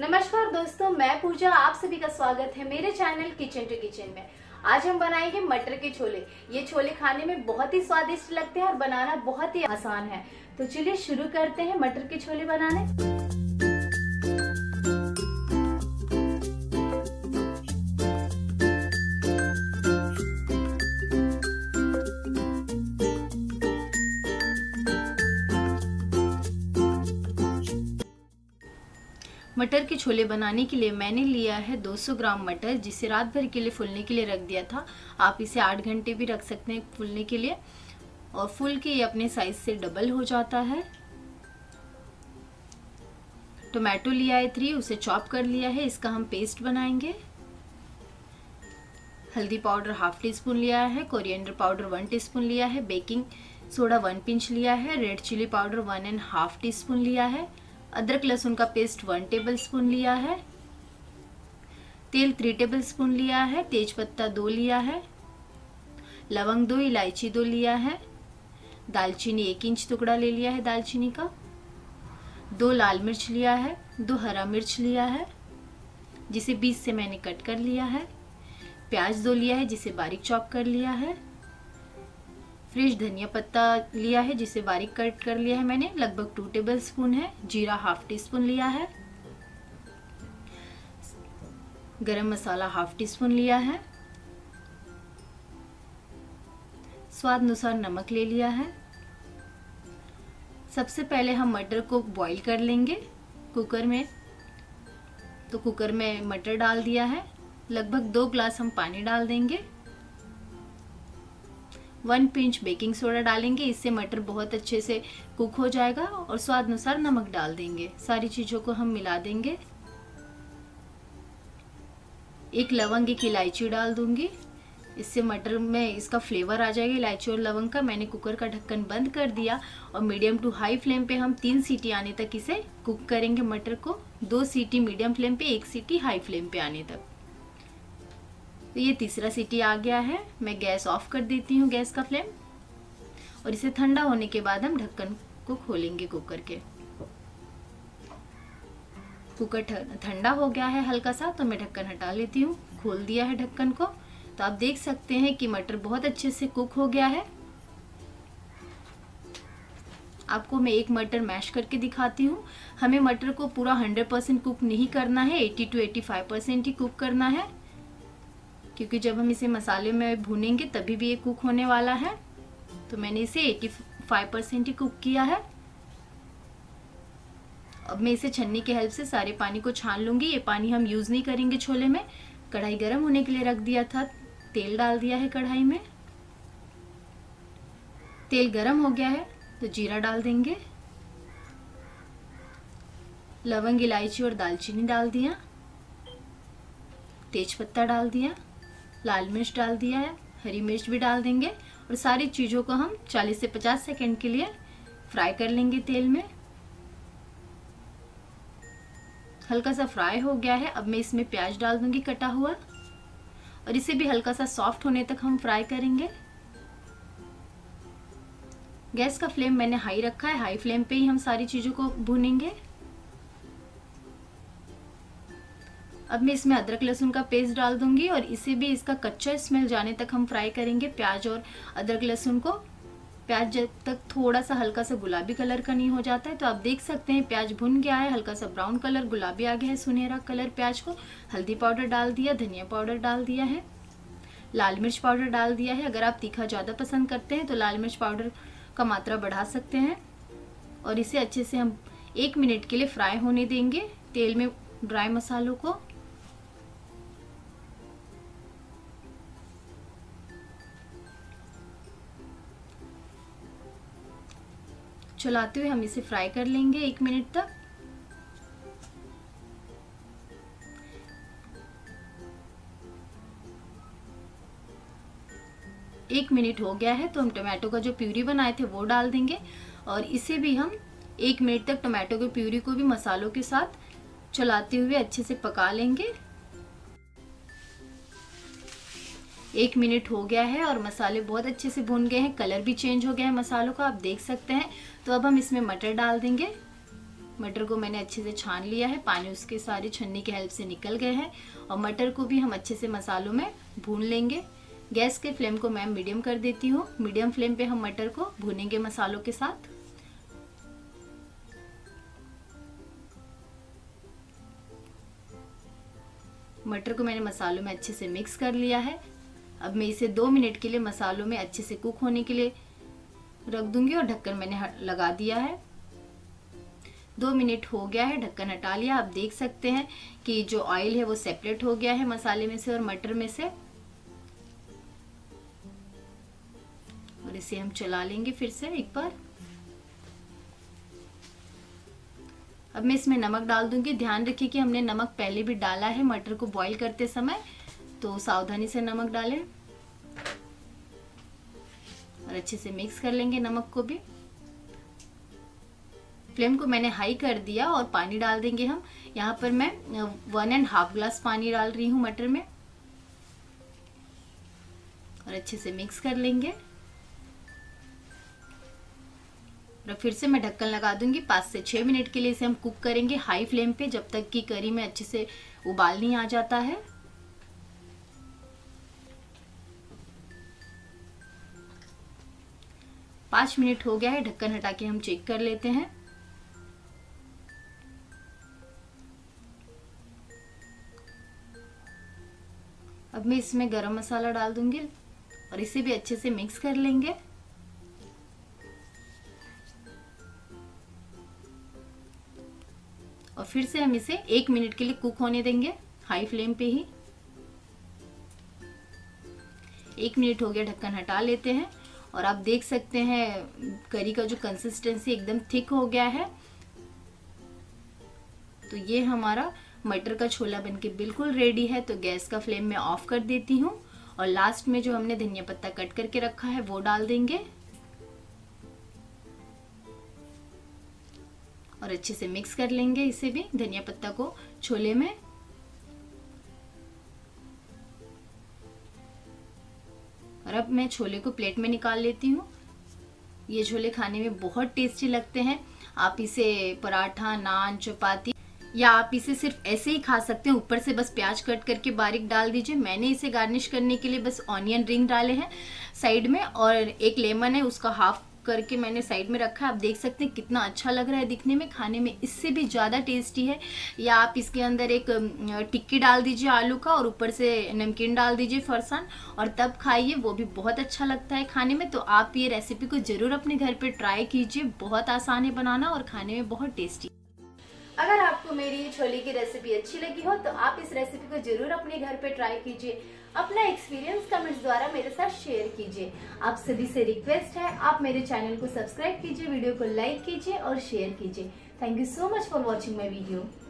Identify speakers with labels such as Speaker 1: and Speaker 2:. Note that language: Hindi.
Speaker 1: नमस्कार दोस्तों मैं पूजा आप सभी का स्वागत है मेरे चैनल किचन टू किचन में आज हम बनाएंगे मटर के छोले ये छोले खाने में बहुत ही स्वादिष्ट लगते हैं और बनाना बहुत ही आसान है तो चलिए शुरू करते हैं मटर के छोले बनाने मटर के छोले बनाने के लिए मैंने लिया है 200 ग्राम मटर जिसे रात भर के लिए फूलने के लिए रख दिया था आप इसे आठ घंटे भी रख सकते हैं फूलने के लिए और फूल के ये अपने साइज से डबल हो जाता है टोमेटो लिया है थ्री उसे चॉप कर लिया है इसका हम पेस्ट बनाएंगे हल्दी पाउडर हाफ टी स्पून लिया है coriander powder one teaspoon लिया है बेकिंग सोडा वन पिंच लिया है red chilli powder one and half teaspoon लिया है अदरक लहसुन का पेस्ट वन टेबल स्पून लिया है तेल थ्री टेबल स्पून लिया है तेज पत्ता दो लिया है लवंग दो इलायची दो लिया है दालचीनी एक इंच टुकड़ा ले लिया है दालचीनी का दो लाल मिर्च लिया है दो हरा मिर्च लिया है जिसे बीस से मैंने कट कर लिया है प्याज दो लिया है जिसे बारीक चॉप कर लिया है फ्रेश धनिया पत्ता लिया है जिसे बारीक कट कर लिया है मैंने लगभग टू टेबल स्पून है जीरा हाफ टी स्पून लिया है गरम मसाला हाफ टी स्पून लिया है स्वाद अनुसार नमक ले लिया है सबसे पहले हम मटर को बॉईल कर लेंगे कुकर में तो कुकर में मटर डाल दिया है लगभग दो ग्लास हम पानी डाल देंगे वन पिंच बेकिंग सोडा डालेंगे इससे मटर बहुत अच्छे से कुक हो जाएगा और स्वाद अनुसार नमक डाल देंगे सारी चीज़ों को हम मिला देंगे एक लवंग एक इलायची डाल दूंगी इससे मटर में इसका फ्लेवर आ जाएगा इलायची और लवंग का मैंने कुकर का ढक्कन बंद कर दिया और मीडियम टू हाई फ्लेम पे हम तीन सीटी आने तक इसे कुक करेंगे मटर को दो सीटी मीडियम फ्लेम पे एक सीटी हाई फ्लेम पे आने तक तो ये तीसरा सीटी आ गया है मैं गैस ऑफ कर देती हूँ गैस का फ्लेम और इसे ठंडा होने के बाद हम ढक्कन को खोलेंगे कुकर के कुकर ठंडा हो गया है हल्का सा तो मैं ढक्कन हटा लेती हूँ खोल दिया है ढक्कन को तो आप देख सकते हैं कि मटर बहुत अच्छे से कुक हो गया है आपको मैं एक मटर मैश करके दिखाती हूँ हमें मटर को पूरा 100 परसेंट कुक नहीं करना है 80 टू 85 परसेंट ही कुक करना है क्योंकि जब हम इसे मसाले में भूनेंगे तभी भी ये कुक होने वाला है तो मैंने इसे 85 परसेंट ही कुक किया है अब मैं इसे छन्नी के हेल्प से सारे पानी को छान लूँगी ये पानी हम यूज़ नहीं करेंगे छोले में कढ़ाई गर्म होने के लिए रख दिया था तेल डाल दिया है कढ़ाई में तेल गर्म हो गया है तो जीरा डाल देंगे लवंग इलायची और दालचीनी डाल दिया तेज पत्ता डाल दिया लाल मिर्च डाल दिया है हरी मिर्च भी डाल देंगे और सारी चीज़ों को हम 40 से 50 सेकेंड के लिए फ्राई कर लेंगे तेल में हल्का सा फ्राई हो गया है अब मैं इसमें प्याज डाल दूंगी कटा हुआ और इसे भी हल्का सा सॉफ्ट होने तक हम फ्राई करेंगे गैस का फ्लेम मैंने हाई रखा है हाई फ्लेम पे ही हम सारी चीज़ों को भुनेंगे अब मैं इसमें अदरक लहसुन का पेस्ट डाल दूंगी और इसे भी इसका कच्चा स्मेल जाने तक हम फ्राई करेंगे प्याज और अदरक लहसुन को प्याज जब तक थोड़ा सा हल्का सा गुलाबी कलर का नहीं हो जाता है तो आप देख सकते हैं प्याज भुन गया है हल्का सा ब्राउन कलर गुलाबी आ गया है सुनहरा कलर प्याज को हल्दी पाउडर डाल दिया धनिया पाउडर डाल दिया है लाल मिर्च पाउडर डाल दिया है अगर आप तीखा ज़्यादा पसंद करते हैं तो लाल मिर्च पाउडर का मात्रा बढ़ा सकते हैं और इसे अच्छे से हम एक मिनट के लिए फ्राई होने देंगे तेल में ड्राई मसालों को चलाते हुए हम इसे फ्राई कर लेंगे एक मिनट तक एक मिनट हो गया है तो हम टोमेटो का जो प्यूरी बनाए थे वो डाल देंगे और इसे भी हम एक मिनट तक टोमेटो के प्यूरी को भी मसालों के साथ चलाते हुए अच्छे से पका लेंगे एक मिनट हो गया है और मसाले बहुत अच्छे से भुन गए हैं कलर भी चेंज हो गया है मसालों का आप देख सकते हैं तो अब हम इसमें मटर डाल देंगे मटर को मैंने अच्छे से छान लिया है पानी उसके सारी छन्नी के हेल्प से निकल गए हैं और मटर को भी हम अच्छे से मसालों में भून लेंगे गैस के फ्लेम को मैं मीडियम कर देती हूँ मीडियम फ्लेम पे हम मटर को भूनेंगे मसालों के साथ मटर को मैंने मसालों में अच्छे से मिक्स कर लिया है अब मैं इसे दो मिनट के लिए मसालों में अच्छे से कुक होने के लिए रख दूंगी और ढक्कन मैंने लगा दिया है दो मिनट हो गया है ढक्कन हटा लिया आप देख सकते हैं कि जो ऑयल है वो सेपरेट हो गया है मसाले में से और मटर में से और इसे हम चला लेंगे फिर से एक बार अब मैं इसमें नमक डाल दूंगी ध्यान रखिए कि हमने नमक पहले भी डाला है मटर को बॉईल करते समय तो सावधानी से नमक डालें और अच्छे से मिक्स कर लेंगे नमक को भी फ्लेम को मैंने हाई कर दिया और पानी डाल देंगे हम यहाँ पर मैं वन एंड हाफ ग्लास पानी डाल रही हूँ मटर में और अच्छे से मिक्स कर लेंगे और फिर से मैं ढक्कन लगा दूंगी पाँच से छः मिनट के लिए इसे हम कुक करेंगे हाई फ्लेम पे जब तक कि करी में अच्छे से उबाल नहीं आ जाता है पाँच मिनट हो गया है ढक्कन हटा के हम चेक कर लेते हैं अब मैं इसमें गरम मसाला डाल दूंगी और इसे भी अच्छे से मिक्स कर लेंगे और फिर से हम इसे एक मिनट के लिए कुक होने देंगे हाई फ्लेम पे ही एक मिनट हो गया ढक्कन हटा लेते हैं और आप देख सकते हैं करी का जो कंसिस्टेंसी एकदम थिक हो गया है तो ये हमारा मटर का छोला बनके बिल्कुल रेडी है तो गैस का फ्लेम मैं ऑफ कर देती हूँ और लास्ट में जो हमने धनिया पत्ता कट करके रखा है वो डाल देंगे और अच्छे से मिक्स कर लेंगे इसे भी धनिया पत्ता को छोले में अब मैं छोले को प्लेट में निकाल लेती हूँ ये छोले खाने में बहुत टेस्टी लगते हैं आप इसे पराठा नान चपाती या आप इसे सिर्फ ऐसे ही खा सकते हैं ऊपर से बस प्याज कट करके बारीक डाल दीजिए मैंने इसे गार्निश करने के लिए बस ऑनियन रिंग डाले हैं साइड में और एक लेमन है उसका हाफ करके मैंने साइड में रखा है आप देख सकते हैं कितना अच्छा लग रहा है दिखने में खाने में इससे भी ज़्यादा टेस्टी है या आप इसके अंदर एक टिक्की डाल दीजिए आलू का और ऊपर से नमकीन डाल दीजिए फरसान और तब खाइए वो भी बहुत अच्छा लगता है खाने में तो आप ये रेसिपी को ज़रूर अपने घर पर ट्राई कीजिए बहुत आसान है बनाना और खाने में बहुत टेस्टी अगर आपको मेरी छोले की रेसिपी अच्छी लगी हो तो आप इस रेसिपी को जरूर अपने घर पे ट्राई कीजिए अपना एक्सपीरियंस कमेंट्स द्वारा मेरे साथ शेयर कीजिए आप सभी से रिक्वेस्ट है आप मेरे चैनल को सब्सक्राइब कीजिए वीडियो को लाइक कीजिए और शेयर कीजिए thank you so much for watching my video